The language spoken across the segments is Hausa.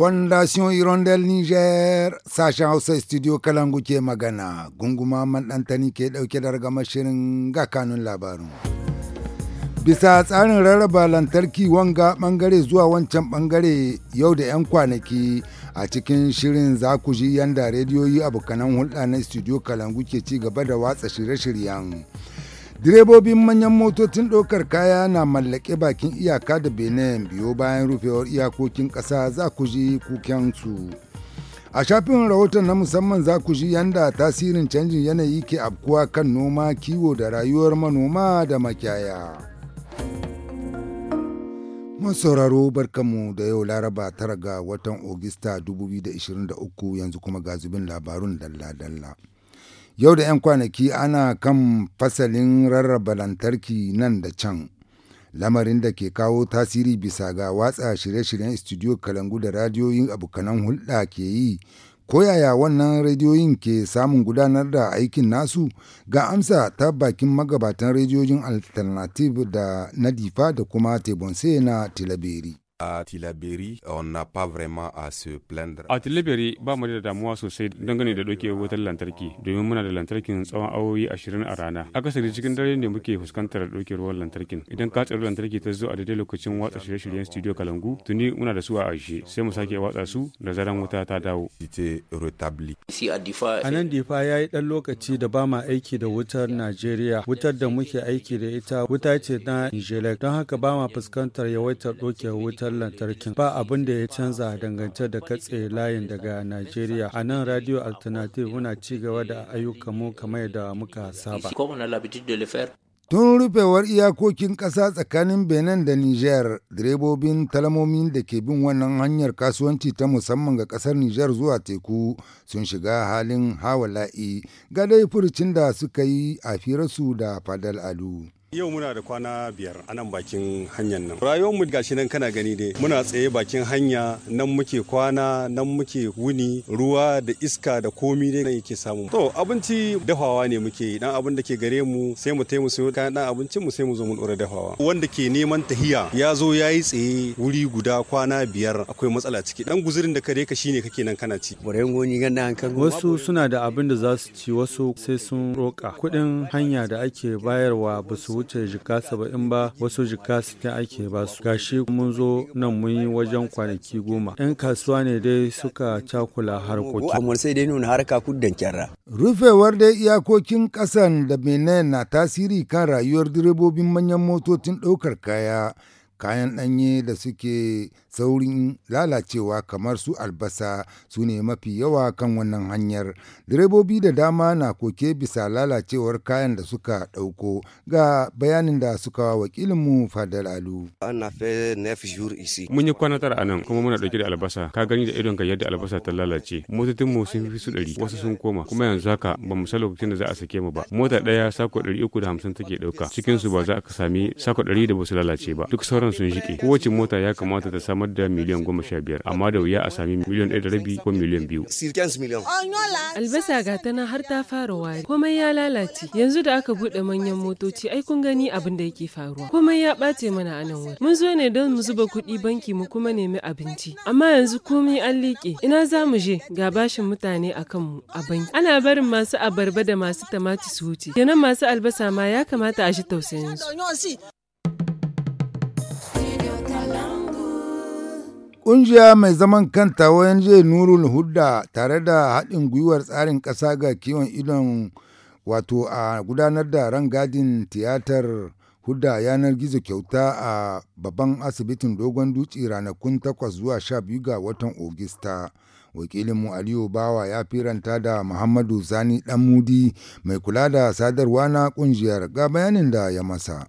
Fondation Hirondelle Niger sashen Hausa Studio Kalangu ke magana gunguma ɗantani ke ɗauke da ragamar shirin ga kanun labarin. Bisa tsarin rarraba lantarki wanga bangare zuwa wancan bangare yau da 'yan kwanaki a cikin shirin za ku ji yanda rediyoyi abokanan hulɗa na Studio Kalangu ke ci gaba da watsa shirye-shiryen. direbobin manyan motocin ɗaukar kaya na mallake bakin iyaka da benin biyo bayan rufewar iyakokin ƙasa za ku ji kukensu a shafin rahoton na musamman za ku ji yanda tasirin canjin yanayi ke afkuwa kan noma kiwo da rayuwar manoma da makiyaya. sauraro barkanmu da yau laraba tara ga watan ogista 2023 yanzu kuma ga zubin labarun dalla-dalla. Yau da 'yan kwanaki ana kan fasalin rarraba lantarki nan da can. Lamarin da ke kawo tasiri bisa ga watsa shirye-shiryen studio kalangu da radiyoyin abokanan hulɗa ke yi Ko yaya wannan rediyoyin ke samun gudanar da aikin nasu ga amsa ta bakin magabatan rediyoyin alternative da nadifa da kuma tebonse na tilaberi à Tilaberi, on n'a pas vraiment à se plaindre. A Tilaberi ba mu da damuwa sosai dangane da dokewar wutar lantarki domin muna da lantarkin tsawon awowi 20 a rana. Akasari cikin dare ne muke fuskantar dokewar lantarkin. Idan ka tsaro lantarki ta zo a daidai lokacin watsa shirye-shiryen studio Kalangu, tuni muna da su a aishe sai mu sake watsa su da zaran wuta ta dawo. A nan Difa ya yi ɗan lokaci da ba ma aiki da wutar Najeriya. Wutar da muke aiki da ita wuta ce na Nijelek don haka ba ma fuskantar yawaitar dokewar wutar wutar lantarkin ba abin da ya canza dangance da katse layin daga Najeriya. A nan Radio Alternative muna ci gaba da ayyukanmu kamar da muka saba. Tun rufewar iyakokin ƙasa tsakanin Benin da Niger, direbobin talamomin da ke bin wannan hanyar kasuwanci ta musamman ga ƙasar Niger zuwa teku sun shiga halin hawa la'i, ga dai furucin da suka yi a firarsu da Fadal Alu. Yau muna da kwana biyar a nan bakin hanyar nan. Rayuwarmu gashi nan kana gani ne. Muna tsaye bakin hanya nan muke kwana nan muke wuni ruwa da iska da komi dai nan yake samu. To abinci dafawa ne muke dan abin da ke gare mu sai mu taimu sai kayan dan abincin mu sai mu zo mu dora dafawa. Wanda ke neman tahiya ya zo ya yi tsaye wuri guda kwana biyar akwai matsala ciki. Dan guzurin da kare ka shine kake nan kana ci. Wasu suna da abin da za su ci wasu sai sun roka. Kuɗin hanya da ake bayarwa ba su wuce jika saba'in ba wasu jika sitin ake ba su gashi mun zo nan mun yi wajen kwanaki goma yan kasuwa ne dai suka cakula harkoki rufewar dai iyakokin kasan da benin na tasiri kan rayuwar direbobin manyan motocin daukar kaya kayan ɗanye da suke saurin lalacewa kamar su albasa su ne mafi yawa kan wannan hanyar direbobi da dama na koke bisa lalacewar kayan da suka ɗauko ga bayanin da suka wakilinmu fadar alu mun yi kwana tara nan kuma muna ɗauke da albasa ka gani da idon ka yadda albasa ta lalace mu sun fi su ɗari wasu sun koma kuma yanzu haka ba mu san lokacin da za a sake mu ba mota ɗaya sako ɗari uku da hamsin take ɗauka cikinsu ba za ka sami sako ɗari da ba su lalace ba duk sauran kan sun shike kowace mota ya kamata ta samar da miliyan goma sha biyar amma da wuya a sami miliyan ɗaya da rabi ko miliyan biyu. albasa ga ta nan har ta fara wari komai ya lalace yanzu da aka buɗe manyan motoci ai kun gani abin da yake faruwa komai ya ɓace mana a nan mun zo ne don mu zuba kuɗi banki mu kuma nemi abinci amma yanzu komai an liƙe ina za mu je ga bashin mutane a kanmu a banki ana barin masu abarba da masu tamati su wuce kenan masu albasa ma ya kamata a shi tausayin su. Ƙungiya mai zaman kanta ONG Nurul hudda tare da haɗin gwiwar tsarin ƙasa ga kiwon idon wato a gudanar da rangadin tiyatar hudda yanar gizo kyauta a babban asibitin dogon dutse ranakun 8 zuwa 12 ga watan Ogista. mu aliyu bawa ya firanta da muhammadu zani dan mudi mai kula da sadarwa na kungiyar ga bayanin da ya masa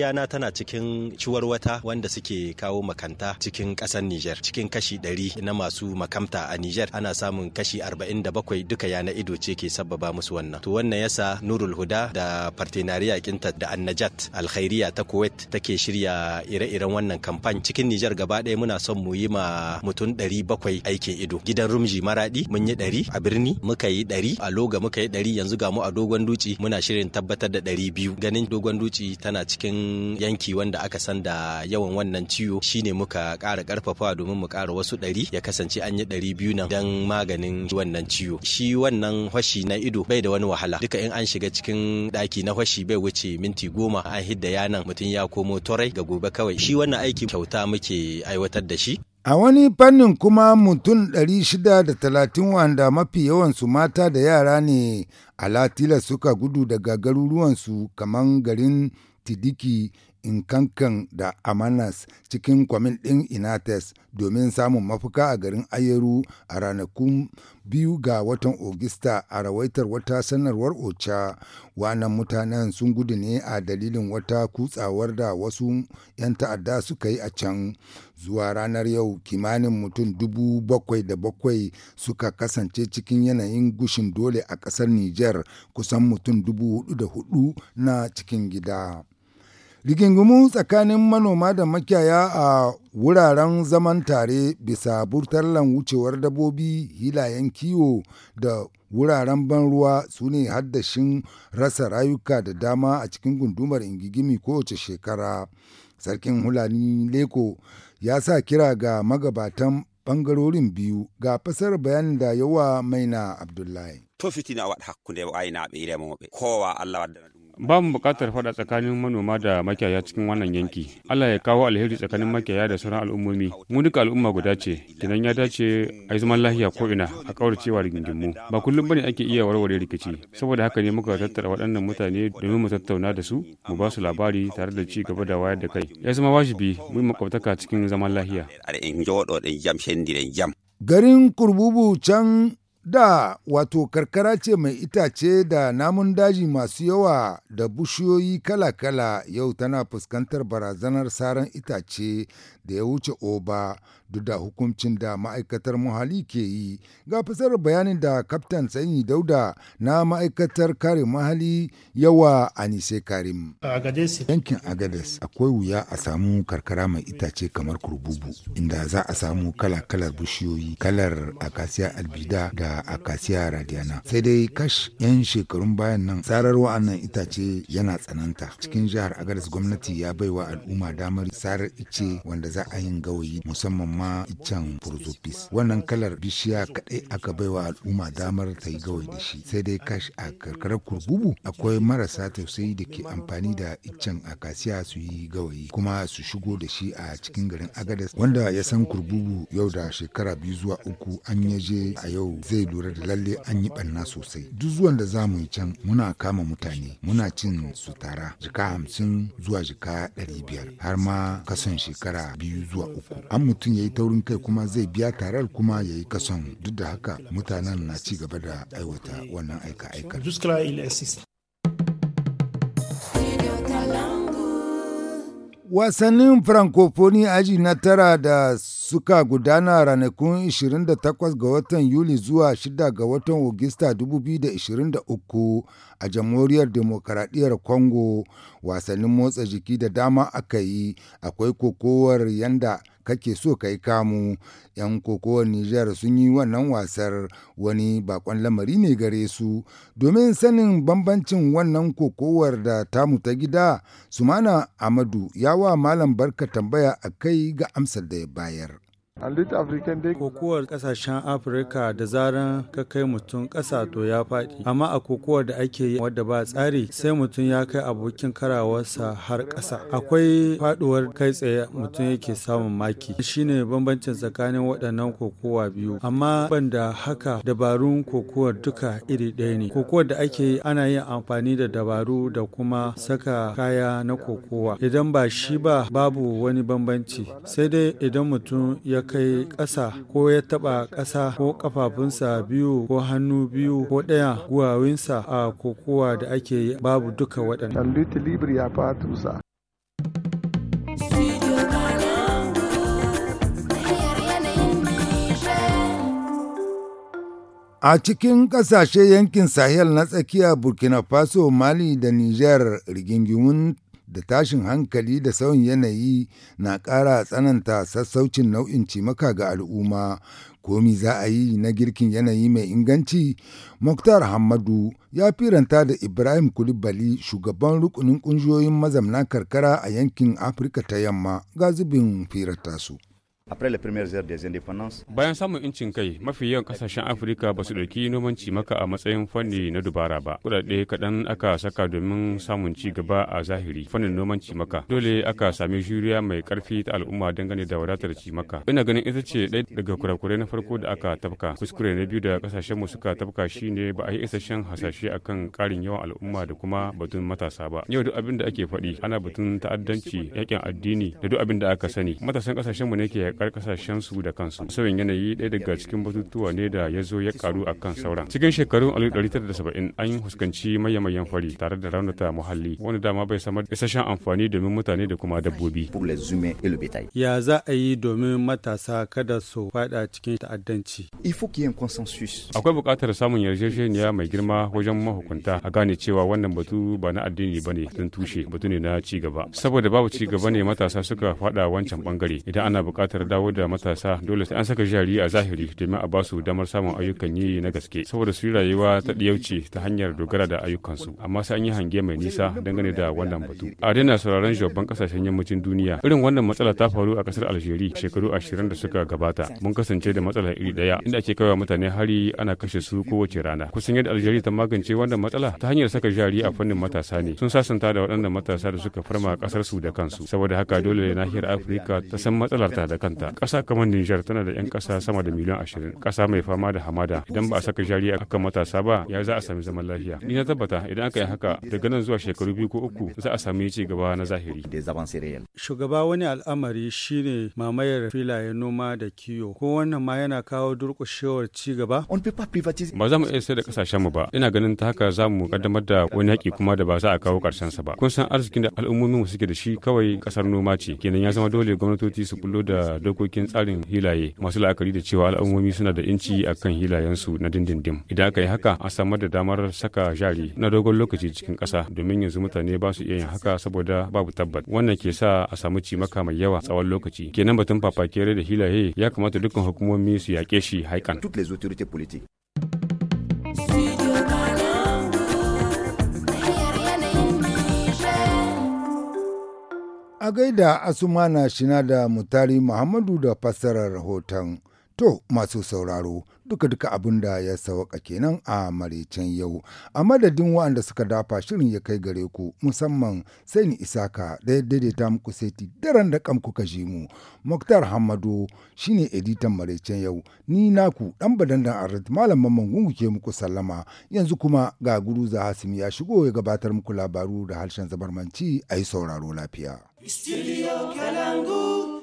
iyana tana cikin wata wanda suke kawo makanta cikin ƙasar Nijar. Cikin kashi 100 na masu makamta a Nijar ana samun kashi 47 duka yana ido ce ke sababa musu wannan. To wannan yasa Nurul Huda da partenariya kinta da Annajat Alkhairiya ta Kuwait take shirya ire-iren wannan kamfan cikin Nijar gaba ɗaya muna son mu yi ma mutum 700 aikin ido. Gidan Rumji Maradi mun yi 100 a birni muka yi 100 a Loga muka yi 100 yanzu ga mu a Dogon Duci muna shirin tabbatar da 200 ganin Dogon Duci tana cikin yanki wanda aka san da yawan wannan ciwo shine muka kara karfafawa domin mu kara wasu ɗari ya kasance an yi ɗari biyu nan don maganin wannan ciwo shi wannan hwashi na ido bai da wani wahala duka in an shiga cikin ɗaki na hwashi bai wuce minti goma an hidda yanan mutum ya komo torai ga gobe kawai shi wannan aiki kyauta muke aiwatar da shi A wani fannin kuma mutum da 630 wanda mafi yawansu mata da yara ne a latila suka gudu daga garuruwansu kamar garin Tidiki Inkankan da Amanas cikin kwamin ɗin Inates domin samun mafuka a garin Ayeru a ranakun biyu ga watan Ogista a rawaitar wata sanarwar OCHA. Wannan mutanen sun gudu ne a dalilin wata kutsawar da wasu 'yan ta'adda suka yi a can. Zuwa ranar yau kimanin mutum dubu bakwai da bakwai suka kasance cikin yanayin gushin dole a ƙasar Nijar kusan mutum dubu hudu da hudu na cikin gida. Rigingimu tsakanin manoma da makiyaya a wuraren zaman tare bisa burtalan wucewar dabobi hilayen kiwo da wuraren ban ruwa su ne haddashin rasa rayuka da dama a cikin gundumar ingigimi kowace shekara. Sarkin Hulani Leko ya sa kira ga magabatan bangarorin biyu ga fasar bayanin da yawa maina Abdullahi. to fitina hakkunde kowa allah Ba mu buƙatar faɗa tsakanin manoma da makiyaya cikin wannan yanki. Allah ya kawo alheri tsakanin makiyaya da sauran al'ummomi. Mu duka al'umma guda ce, kinan ya dace a yi zaman lahiya ko ina a cewa rigingimu. Ba kullum bane ake iya warware rikici, saboda haka ne muka tattara waɗannan mutane domin mu tattauna da su, mu ba su labari tare da ci gaba da wayar da kai. Ya zama wajibi mu yi makwabtaka cikin zaman lahiya. Garin Kurbubu can Da wato karkara ce mai itace da namun daji masu yawa da bushiyoyi kala-kala yau tana fuskantar barazanar saran itace da ya wuce oba duk da hukuncin da ma'aikatar muhalli ke yi ga fasar bayanin da kaftan sanyi dauda na ma'aikatar kare muhalli yawa anise karim yankin agades akwai wuya a samu karkara mai itace kamar kurbubu inda za a samu kala-kalar bishiyoyi kalar akasiya albida da akasiya radiana sai dai kash yan shekarun bayan nan tsarar wa'annan itace yana tsananta cikin jihar agades gwamnati ya baiwa al'umma damar tsarar ice wanda za a yin gawayi musamman kuma iccen furzofis wannan kalar bishiya kadai aka baiwa al'umma damar ta yi gawai da shi sai dai kash a karkarar kurbubu akwai marasa tausayi da ke amfani da iccen akasiya su yi gawayi kuma su shigo da shi a cikin garin agadas wanda ya san kurbubu yau da shekara biyu zuwa uku an ya je a yau zai lura da lalle an yi banna sosai duk zuwan da za mu yi can muna kama mutane muna cin su tara jika hamsin zuwa jika ɗari biyar har ma kasan shekara biyu zuwa uku an mutum ya yi zai taurin kai kuma zai biya tarar kuma ya yi kason duk da haka mutanen na ci gaba da aiwata wannan aika aika Wasannin Francophonie aji na tara da suka gudana ranakun 28 ga watan Yuli zuwa 6 ga watan Ogista 2023 a Jamhuriyar Demokaradiyyar Congo wasannin motsa jiki da dama aka yi akwai kokowar yanda kake so ka yi kamu 'yan kokowar Nijar sun yi wannan wasar wani bakon lamari ne gare su domin sanin bambancin wannan kokowar da tamu ta gida sumana amadu wa malam barka tambaya a kai ga amsar da ya bayar. Kokowar kasashen Afirka da zaran ka kai mutum ƙasa to ya faɗi. Amma a kokowar da ake yi wadda ba tsari sai mutum ya kai abokin karawarsa har ƙasa. Akwai faɗuwar kai tsaye mutum yake samun maki. Shine bambancin tsakanin waɗannan kokowa biyu. Amma ban da haka dabarun kokowar duka iri ɗaya ne. Kokowar da ake yi ana yin amfani da dabaru da kuma saka kaya na kokowa. Idan ba shi ba babu wani bambanci. Sai dai idan mutum ya kai ƙasa ko ya taɓa ƙasa ko ƙafafunsa biyu ko hannu biyu ko ɗaya guwawinsa a kokowa da ake yi babu duka waɗannan. A cikin ƙasashe yankin Sahel na tsakiya Burkina Faso, Mali da Nijar rigingimun da tashin hankali da sauyin yanayi na ƙara tsananta sassaucin nau'in cimaka ga al'umma komi za a yi na girkin yanayi mai inganci muktar hamadu ya firanta da ibrahim kulibali shugaban rukunin ƙungiyoyin mazamna karkara a yankin afirka ta yamma ga zubin su après Bayan samun incin kai, mafi yawan kasashen Afirka ba su ɗauki noman cimaka a matsayin fanni na dubara ba. Kuɗaɗe kaɗan aka saka domin samun ci gaba a zahiri fannin noman cimaka. Dole aka sami juriya mai ƙarfi ta al'umma dangane da wadatar cimaka. Ina ganin ita ce ɗaya daga kurakurai na farko da aka tafka. Kuskure na biyu da kasashen mu suka tafka shine ba a yi isasshen hasashe akan ƙarin yawan al'umma da kuma batun matasa ba. Yau duk abin da ake faɗi ana batun ta'addanci, yaƙin addini da duk abin da aka sani. Matasan kasashen mu ne ke yakar su da kansu sauyin yanayi ɗaya daga cikin batutuwa ne da ya zo ya karu a kan sauran cikin shekarun 1970 an yi fuskanci mayan fari tare da raunata muhalli wani dama bai samar da isasshen amfani domin mutane da kuma dabbobi ya za a yi domin matasa kada su faɗa cikin ta'addanci akwai buƙatar samun yarjejeniya mai girma wajen mahukunta a gane cewa wannan batu ba na addini ba ne don tushe batu ne na ci gaba saboda babu ci gaba ne matasa suka faɗa wancan bangare idan ana buƙatar harkar dawo da matasa dole sai an saka jari a zahiri domin a basu damar samun ayyukan yi na gaske saboda su rayuwa ta ɗiyauci ta hanyar dogara da ayyukansu amma sai an yi hange mai nisa dangane da wannan batu. A daina sauraron shugaban kasashen yammacin duniya irin wannan matsala ta faru a kasar aljeri shekaru ashirin da suka gabata mun kasance da matsala iri ɗaya inda ake kawai mutane hari ana kashe su kowace rana kusan yadda Algeria ta magance wannan matsala ta hanyar saka jari a fannin matasa ne sun sasanta da waɗannan matasa da suka farma kasar su da kansu saboda haka dole nahiyar Afirka ta san matsalar ta da kanta ƙasa kamar Nijar tana da 'yan ƙasa sama da miliyan ashirin ƙasa mai fama da hamada idan ba a saka jari a kan matasa ba ya za a sami zaman lafiya ni na tabbata idan aka yi haka daga nan zuwa shekaru biyu ko uku za a sami ci gaba na zahiri shugaba wani al'amari shine mamayar filayen noma da kiwo. ko wannan ma yana kawo durƙushewar ci gaba ba za mu iya sai da ƙasashen mu ba ina ganin ta haka za mu kaddamar da wani yaƙi kuma da ba za a kawo ƙarshen sa ba kun san arzikin da al'ummomin mu suke da shi kawai ƙasar noma ce kenan ya zama dole gwamnatoci su kullo da dokokin tsarin hilaye masu la'akari da cewa al'ummomi suna da inci a kan hilayensu na dindindin Idan aka yi haka a samar da damar saka jari na dogon lokaci cikin ƙasa domin yanzu mutane ba su iya yin haka saboda babu tabbat. Wannan ke sa a samu cimaka mai yawa tsawon lokaci. Kenan batun fafakere da hilaye ya kamata dukkan hukumomi su yaƙe shi haikan. Agaida gaida Asumana Shina da Mutari Muhammadu da fassarar rahoton. To masu sauraro duka-duka abin da ya sauka kenan a maraicen yau, a madadin waɗanda suka dafa shirin ya kai gare ku musamman sai ni isaka da ya daidaita muku saiti daren da kam kuka ji mu. Muktar Hamado shine editan maraicen yau, ni naku ɗan badandan da arit malam mamman ke muku sallama yanzu kuma ga guruza Hasim ya shigo ya gabatar muku labaru da harshen zabarmanci a yi sauraro lafiya. Studio Kalangu.